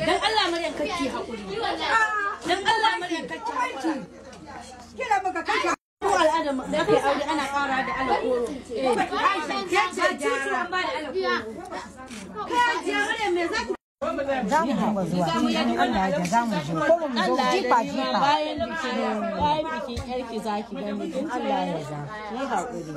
Dan Allah Maryam kake haƙuri. Dan Allah Maryam kake haƙuri. kake al'ada da kai aure ana ƙara da alƙoro. Eh, Aisha ce jara. Ba da alƙoro. Kai jara me za za mu dinga zuwa in Allah ya za mu je ko mu zo jifa jifa bayan bikin yarki zaki gani in Allah ya za ni haƙuri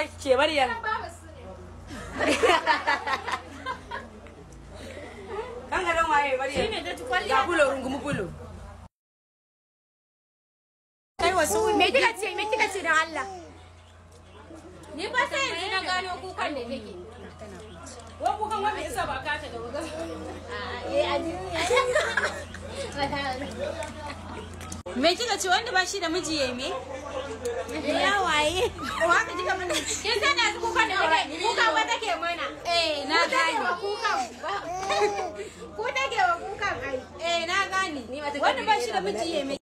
ma ce maryam kan waye maryam shine da tukwalliya ga bulo rungumu bulo kai wasu me kika ce me kika ce dan Allah ni ba sai na gano kukan da take wa kukan wanda ba da wuga a eh a duniya Me kika ce wanda ba shi da miji ya me? Ya waye. Oh, Kin kuka kuka ba take mana. Eh na Kuka Ku take wa ai. Eh na Wanda ba shi da miji ya me?